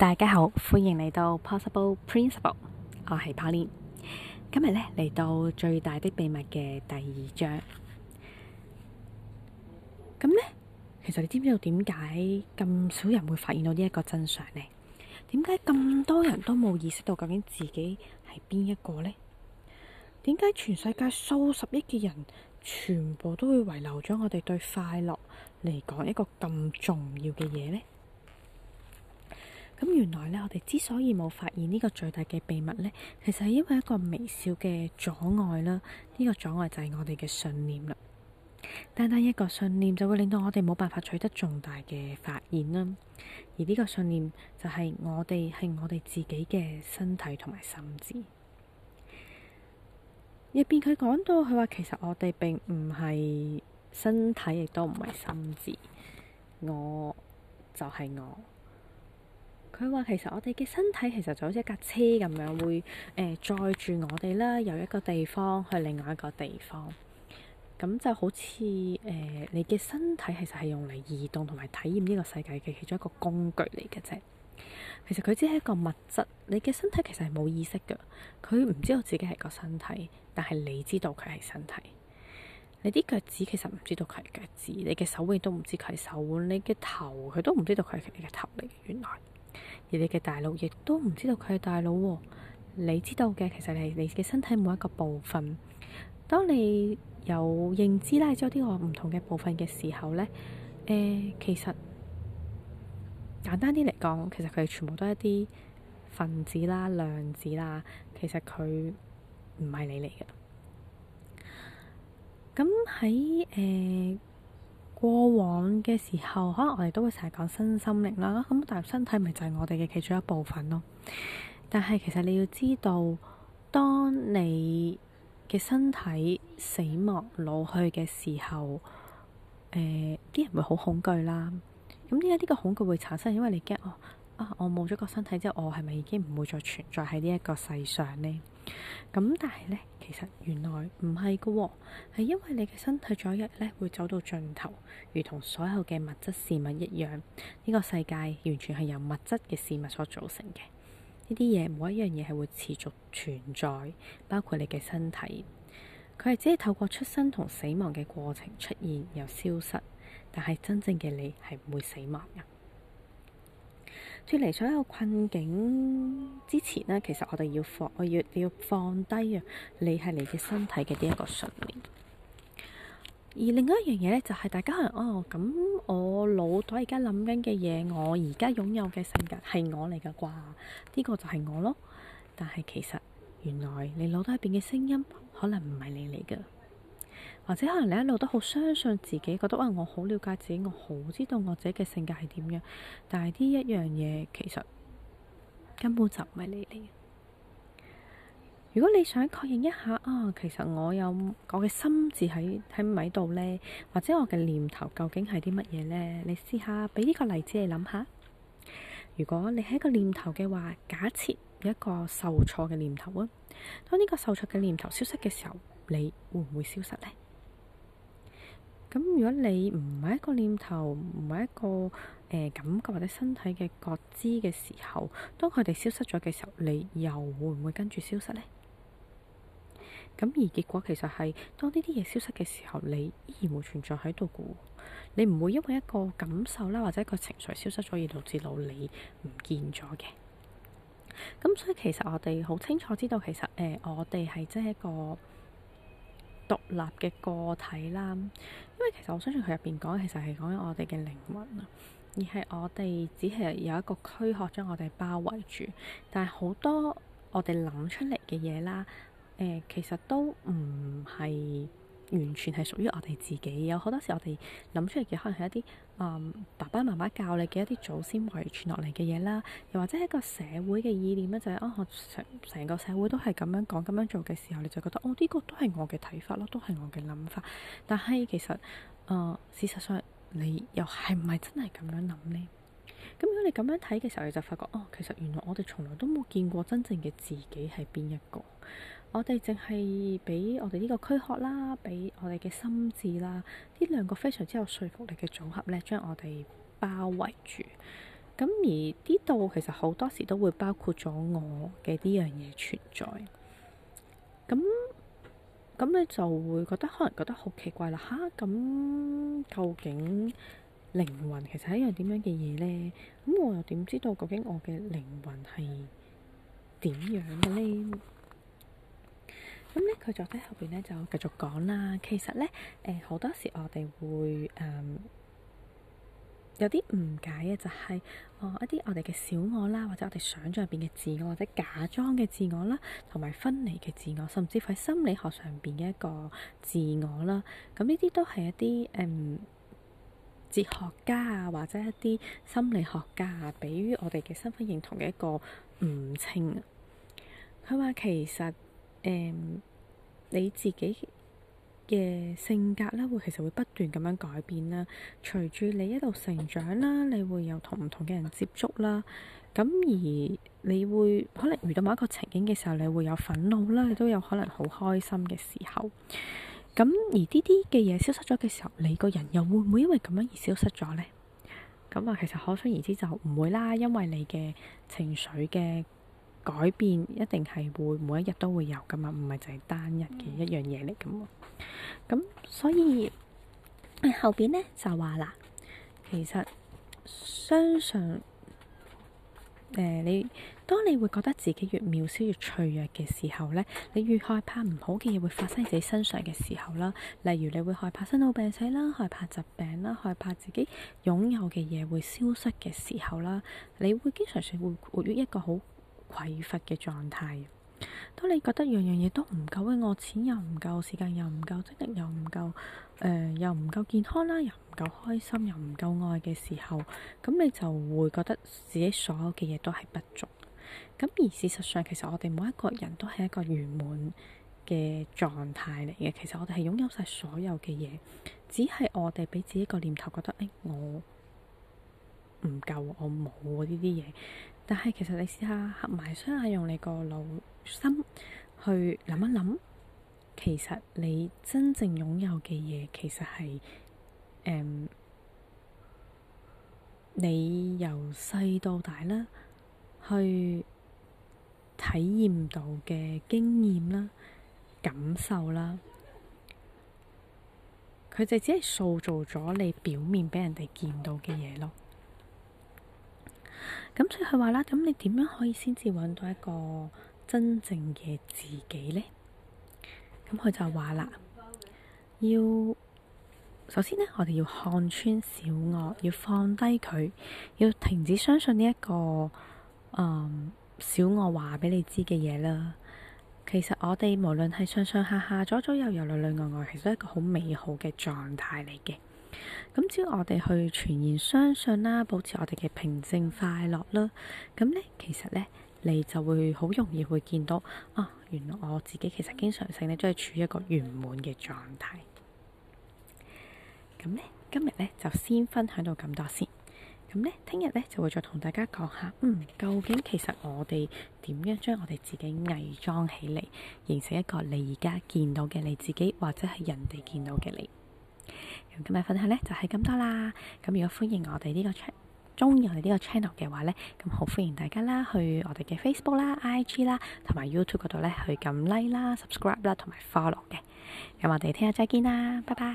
大家好，歡迎嚟到 Possible Principle，我係 Pauline，今日呢嚟到最大的秘密嘅第二章。咁呢，其實你知唔知道點解咁少人會發現到呢一個真相呢？點解咁多人都冇意識到究竟自己係邊一個呢？點解全世界數十億嘅人，全部都會遺留咗我哋對快樂嚟講一個咁重要嘅嘢呢？咁原來咧，我哋之所以冇發現呢個最大嘅秘密呢，其實係因為一個微小嘅阻礙啦。呢個阻礙就係我哋嘅信念啦。單單一個信念就會令到我哋冇辦法取得重大嘅發現啦。而呢個信念就係我哋係我哋自己嘅身體同埋心智入邊。佢講到佢話，其實我哋並唔係身體，亦都唔係心智。我就係我。佢話：其實我哋嘅身體其實就好似一架車咁樣會，會、呃、誒載住我哋啦，由一個地方去另外一個地方。咁就好似誒、呃，你嘅身體其實係用嚟移動同埋體驗呢個世界嘅其中一個工具嚟嘅啫。其實佢只係一個物質，你嘅身體其實係冇意識嘅。佢唔知道自己係個身體，但係你知道佢係身體。你啲腳趾其實唔知道佢係腳趾，你嘅手腕都唔知佢係手腕，你嘅頭佢都唔知道佢係你嘅頭嚟。原來，來。而你嘅大腦亦都唔知道佢係大腦。哦，你知道嘅其實係你嘅身體每一個部分。當你有認知啦，即係呢個唔同嘅部分嘅時候咧，誒、呃，其實簡單啲嚟講，其實佢哋全部都係一啲分子啦、量子啦，其實佢唔係你嚟嘅。咁喺誒。呃過往嘅時候，可能我哋都會成日講身心靈啦。咁但係身體，咪就係我哋嘅其中一部分咯。但係其實你要知道，當你嘅身體死亡老去嘅時候，誒、呃、啲人會好恐懼啦。咁點解呢個恐懼會產生？因為你驚哦啊，我冇咗個身體之後，我係咪已經唔會再存在喺呢一個世上呢？咁但係呢，其實原來唔係噶，係因為你嘅身體左一日呢，會走到盡頭，如同所有嘅物質事物一樣。呢個世界完全係由物質嘅事物所組成嘅，呢啲嘢每一樣嘢係會持續存在，包括你嘅身體。佢係只係透過出生同死亡嘅過程出現又消失，但係真正嘅你係唔會死亡嘅。脫離所有困境之前呢，其實我哋要放，我要要放低啊！你係嚟自身體嘅呢一個信念。而另外一樣嘢咧，就係、是、大家可能哦，咁我腦袋而家諗緊嘅嘢，我而家擁有嘅性格係我嚟噶啩？呢、這個就係我咯。但係其實原來你腦袋入邊嘅聲音可能唔係你嚟噶。或者可能你一路都好相信自己，覺得啊，我好了解自己，我好知道我自己嘅性格係點樣。但係呢一樣嘢其實根本就唔係你嚟嘅。如果你想確認一下啊，哦，其實我有我嘅心智喺唔喺度咧，或者我嘅念頭究竟係啲乜嘢咧？你試下俾呢個例子你諗下。如果你係一個念頭嘅話，假設有一個受挫嘅念頭啊，當呢個受挫嘅念頭消失嘅時候，你會唔會消失咧？咁如果你唔係一個念頭，唔係一個誒、呃、感覺或者身體嘅覺知嘅時候，當佢哋消失咗嘅時候，你又會唔會跟住消失呢？咁而結果其實係，當呢啲嘢消失嘅時候，你依然會存在喺度嘅喎。你唔會因為一個感受啦，或者一個情緒消失咗而導致到你唔見咗嘅。咁所以其實我哋好清楚知道，其實誒、呃、我哋係即係一個。獨立嘅個體啦，因為其實我相信佢入邊講嘅，其實係講緊我哋嘅靈魂啊，而係我哋只係有一個軀殼將我哋包圍住，但係好多我哋諗出嚟嘅嘢啦，誒、呃，其實都唔係完全係屬於我哋自己，有好多時我哋諗出嚟嘅可能係一啲。嗯、爸爸媽媽教你嘅一啲祖先遺傳落嚟嘅嘢啦，又或者一個社會嘅意念咧，就係、係、哦，成成個社會都係咁樣講、咁樣做嘅時候，你就覺得哦，呢、這個都係我嘅睇法咯，都係我嘅諗法。但係其實、呃，事實上你又係唔係真係咁樣諗呢？咁如果你咁樣睇嘅時候，你就發覺哦，其實原來我哋從來都冇見過真正嘅自己係邊一個，我哋淨係俾我哋呢個軀殼啦，俾我哋嘅心智啦，呢兩個非常之有說服力嘅組合咧，將我哋包圍住。咁而呢度其實好多時都會包括咗我嘅呢樣嘢存在。咁咁你就會覺得可能覺得好奇怪啦，吓？啊，咁究竟？靈魂其實係一樣點樣嘅嘢呢？咁我又點知道究竟我嘅靈魂係點樣嘅呢？咁咧佢就喺後邊咧就繼續講啦。其實咧，誒、呃、好多時我哋會誒、嗯、有啲誤解嘅，就係、是、哦一啲我哋嘅小我啦，或者我哋想像入邊嘅自我，或者假裝嘅自我啦，同埋分離嘅自我，甚至乎喺心理學上邊嘅一個自我啦。咁呢啲都係一啲誒。嗯哲學家啊，或者一啲心理學家啊，俾於我哋嘅身份認同嘅一個唔稱。佢話其實誒、嗯、你自己嘅性格咧，會其實會不斷咁樣改變啦。隨住你一路成長啦，你會有同唔同嘅人接觸啦。咁而你會可能遇到某一個情景嘅時候，你會有憤怒啦，你都有可能好開心嘅時候。咁而啲啲嘅嘢消失咗嘅時候，你個人又會唔會因為咁樣而消失咗咧？咁啊，其實可想而知就唔會啦，因為你嘅情緒嘅改變一定係會每一日都會有噶嘛，唔係就係單一嘅一樣嘢嚟噶嘛。咁、嗯、所以後邊咧就話啦，其實相信。誒、呃，你當你會覺得自己越渺小越脆弱嘅時候咧，你越害怕唔好嘅嘢會發生喺自己身上嘅時候啦，例如你會害怕生老病死啦，害怕疾病啦，害怕自己擁有嘅嘢會消失嘅時候啦，你會經常性會活於一個好匱乏嘅狀態。當你覺得樣樣嘢都唔夠嘅，我錢又唔夠，夠，夠，時間又唔夠，精力又唔夠，誒，又唔夠健康啦，又唔夠開心，又唔夠愛嘅時候，咁你就會覺得自己所有嘅嘢都係不足。咁而事實上，其實我哋每一個人都係一個圓滿嘅狀態嚟嘅。其實我哋係擁有晒所有嘅嘢，只係我哋俾自己一個念頭，覺得誒、哎，我。唔夠，我冇呢啲嘢。但係其實你試下合埋雙眼，用你個腦心去諗一諗，其實你真正擁有嘅嘢，其實係誒、嗯，你由細到大啦，去體驗到嘅經驗啦、感受啦，佢就只係塑造咗你表面俾人哋見到嘅嘢咯。咁所以佢話啦，咁你點樣可以先至揾到一個真正嘅自己呢？咁佢就話啦，要首先呢，我哋要看穿小我，要放低佢，要停止相信呢、這、一個，嗯、小我話俾你知嘅嘢啦。其實我哋無論係上上下下、左左右右、內內外外，其實係一個好美好嘅狀態嚟嘅。咁只要我哋去全然相信啦，保持我哋嘅平靜快樂啦，咁呢，其實呢，你就會好容易會見到啊、哦，原來我自己其實經常性呢，都係處於一個圓滿嘅狀態。咁呢，今日呢，就先分享到咁多先，咁呢，聽日呢，就會再同大家講下，嗯，究竟其實我哋點樣將我哋自己偽裝起嚟，形成一個你而家見到嘅你自己，或者係人哋見到嘅你。咁今日分享咧，就係咁多啦。咁如果歡迎我哋呢個中意我哋呢個 channel 嘅話咧，咁好歡迎大家啦去我哋嘅 Facebook 啦、IG 啦同埋 YouTube 嗰度咧去撳 like 啦、subscribe 啦同埋 follow 嘅。咁我哋聽日再見啦，拜拜。